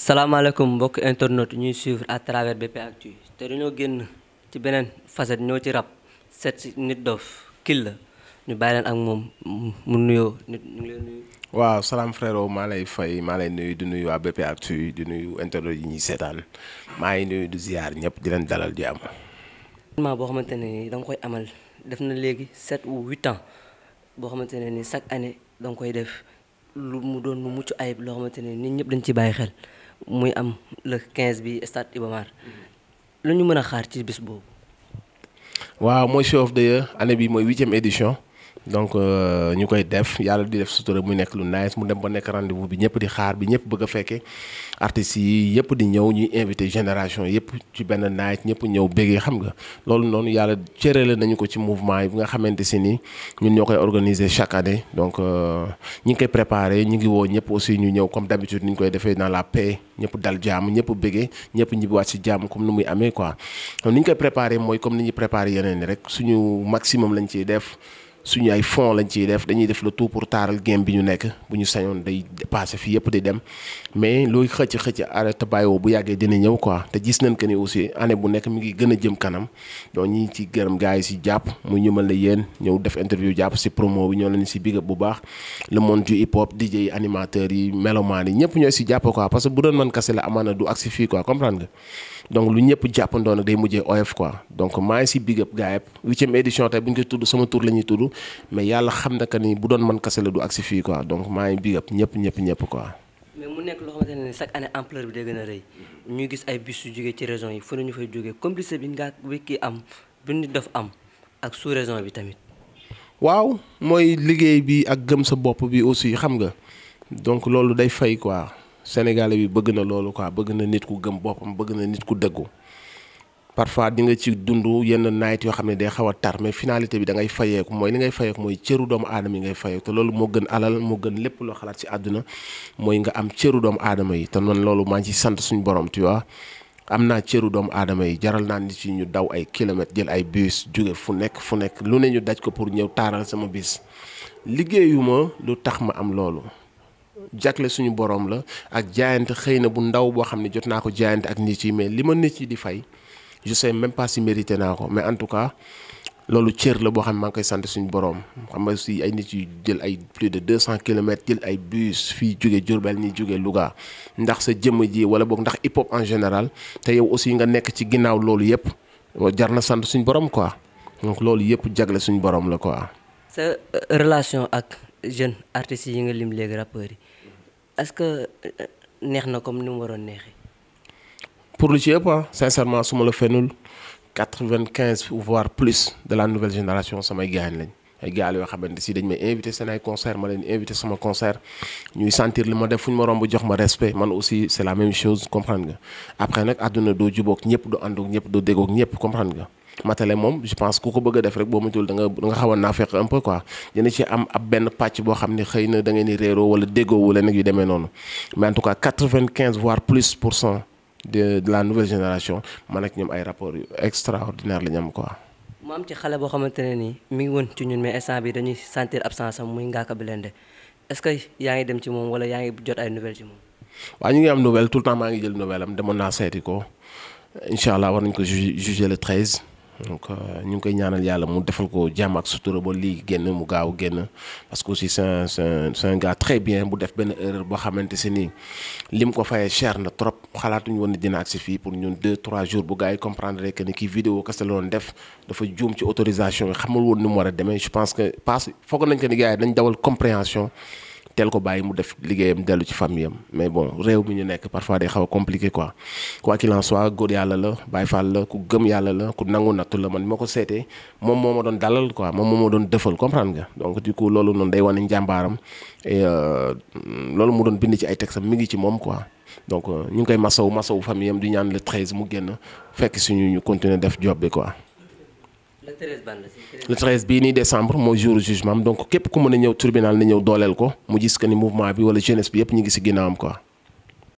salaamaaleykum mbokk internet ñuy suivre à travers BP Actu te dañoo génn ci beneen facette ñoo ci rab seet si Nit Doff Kill la ñu bàyyi leen ak moom mu nuyoo nit ñu ngi leen nuyu. waaw salaam frérot maa lay fay maa lay nuyu du nuyu waa BP Actu di nuyu internet yi ñuy seetaan maa ngi nuyu du ziar ñëpp di leen dalal di am. événement boo xamante ne da nga koy amal def na léegi sept ou huit ans boo xamante ne ni chaque année da nga koy def lu mu doon mu mucc ayib loo xamante ne nit ñëpp dañ ci bàyyi xel. muy am le quinze bi stade Iba Mar lu ñu mën a xaar ci bés boobu. waaw mooy show of the year année bi mooy huitième édition. donc euh, ñu koy def yàlla di def sutura muy nekk lu nice mu dem ba nekk rendez-vous bi ñëpp di xaar bi ñëpp bëgg a fekkee artistes yi yëpp di ñëw ñuy invité génération yëpp ci benn night ñëpp ñëw bëggee xam nga loolu noonu yàlla cërale nañu ko ci mouvement yi bi nga xamante si ni ñun ñoo koy organiser chaque année donc euh, ñi ngi koy préparer ñu ngi woo ñëpp aussi ñu ñëw comme d'habitude ni ñu koy defee dans la paix ñëpp dal jàmm ñëpp bëggee ñëpp ñibbiwaat si jàmm comme ni muy amee quoi ni ñu koy préparé mooy comme ni ñuy préparé yeneen rek suñu maximum lañ ciy def suñu ay fonds lañ ciy def dañuy def le tout pour taaral game bi ñu nekk bu ñu sañoon day passé fii yëpp di dem mais looy xëcc xëcc arrêté bàyyiwoo bu yàggee dina ñëw quoi te gis nañ que ni aussi année bu nekk mi ngi gën a jëm kanam donc ñi ci gërëm gars yi si jàpp mu ñëmal la yéen ñëw def interview jàpp si promo bi ñoo leen si big bu baax le monde du hip hop DJ yi animateurs yi melomaan yi ñëpp ñooy si jàpp quoi parce que bu doon man kase la amaana du agsi fii quoi comprendre donc lu ñëpp jàppandoo nag day mujjee oyof quoi donc maa ngi si big up gars yëpp huitième édition tey bu koy tudd sama tur la ñuy tudd mais yàlla xam na que ni bu doon man kase la du agsi fii quoi donc maa ngi big up ñëpp ñëpp ñëpp quoi. mais mu nekk loo xamante ne chaque année ampleur bi day gën a rëy ñuy gis ay bus yu jógee ci région yi fu ne ñu fay jógee complice bi nga wékki am bu nit def am ak sous région bi tamit. waaw mooy liggéey bi ak gëm sa bopp bi aussi xam nga donc loolu day fay quoi. sénégalais bi bëgg na loolu quoi bëgg na nit ku gëm boppam bëgg na nit ku dëggu parfois di nga ci dund yenn night yoo xam ne day xaw a tar mais finalité bi dangay fayeeku mooy li ngay fayeeku mooy cëru doomu aadama yi ngay fayeeku te loolu moo gën alal moo gën lépp loo xalaat ci àdduna mooy nga am cëru doomu aadama yi te man loolu maa ngi ci sant suñu borom tu am naa cëru doomu aadama yi jaral naa nit yi ñu daw ay kilomètres jël ay bus jóge fu nekk fu nekk lu ne ñu daj ko pour ñëw taaral sama bis liggéeyuma lu tax ma am loolu jagle suñu borom la ak jaayante xëy na bu ndaw boo xam ne jot naa ko jaayante ak nit yi mais li ma nit yi di fay je sais même pas naa ko mais en tout cas loolu cër la boo xam ne maa ngi koy sant suñu borom xam nga si ay nit yu jël ay plus de deux cent kilomètres jël ay bus fii jóge Diourbel ñi jóge Louga ndax sa jëmm ji wala boog ndax hip en général te yow aussi nga nekk ci ginnaaw loolu yëpp jar na sant suñu borom quoi donc loolu yëpp jagle suñu borom la quoi. sa euh, relation ak jeune artistes yi nga lim léegi rappeurs yi. est-ce que euh, neex na comme ni mu waroon neexee. pour lu ci ëpp ah sincèrement su ma la fenul quatre-vingt-quinze voire plus de la nouvelle génération samay gaañ lañ ay gaal yoo xamante si dañ may invité seen ay concert ma leen invité sama concert ñuy sentir li ma def fu ñu ma romb jox ma respect man aussi c'est la même chose comprendre nga après nag àdduna doo jubóog ñëpp doo àndoog ñëpp doo déggoog ñëpp comprendre nga. matale moom je pense ku ko bëgg a def rek boo matul da nga da nga xaw a naafeq un peu quoi ci am ab benn pàcc boo xam ni xëy na da ngeen di réeroo wala déggoo wala nag yu demee noonu mais en tout vingt quinze voire plus pour cent de de la nouvelle ak ñoom ay rapport yu extraordinaire la ñu am quoi. mu am xale boo xamante ne nii mi ngi woon ci ñun mais instant bi dañuy sentir absence am muy Ngaaka Blindé est-ce que yaa ngi dem ci moom wala yaa ngi jot ay nouvelles ñu ngi am nouvelle tout le temps maa ngi jël nouvelle am demoon naa seeti ko incha allah war nañ ko juger le 13. donc euh, ñu ngi koy ñaanal yàlla mu defal ko jàmm ak sutura ba lii génn mu gaaw génn parce que aussi c'est un c'est un gars très bien bu def benn erreur boo xamante si nii lim ko fayee chair na trop xalaatuñu woon ne dina agsi fii pour ñun deux trois jours bu gars yi comprendre que ni kii vidéo kese la doon def dafa juum ci autorisation bi xamul woon ni mu war a demee je pense que parce foo foog nañ ko ni gars dañ dawal compréhension. teel ko bàyyi mu def liggéeyam dellu ci famille am mais bon réew mi ñu nekk parfois day xaw a compliqué quoi quoi qu'il en soit yàlla la bay Faal la ku gëm yàlla la ku nangu nattu la man moo ko seetee moom moo ma doon dalal quoi moom moo ma doon dëfal comprendre nga donc du coup loolu noonu day wane njàmbaaram euh, loolu mu doon bind ci ay texam mi ngi ci moom quoi donc euh, ñu ngi koy masawu masawu famille am di ñaan le 13 mu génn fekk su ñu ñu continuer def job bi quoi. le 13 ban la le 13 bii nii décembre mooy jour jugement donc képp ku mën a ñëw tribunal na ñëw dooleel ko mu gis que ni mouvement bi wala jeunesse bi yëpp ñu ngi si ginnaawam quoi.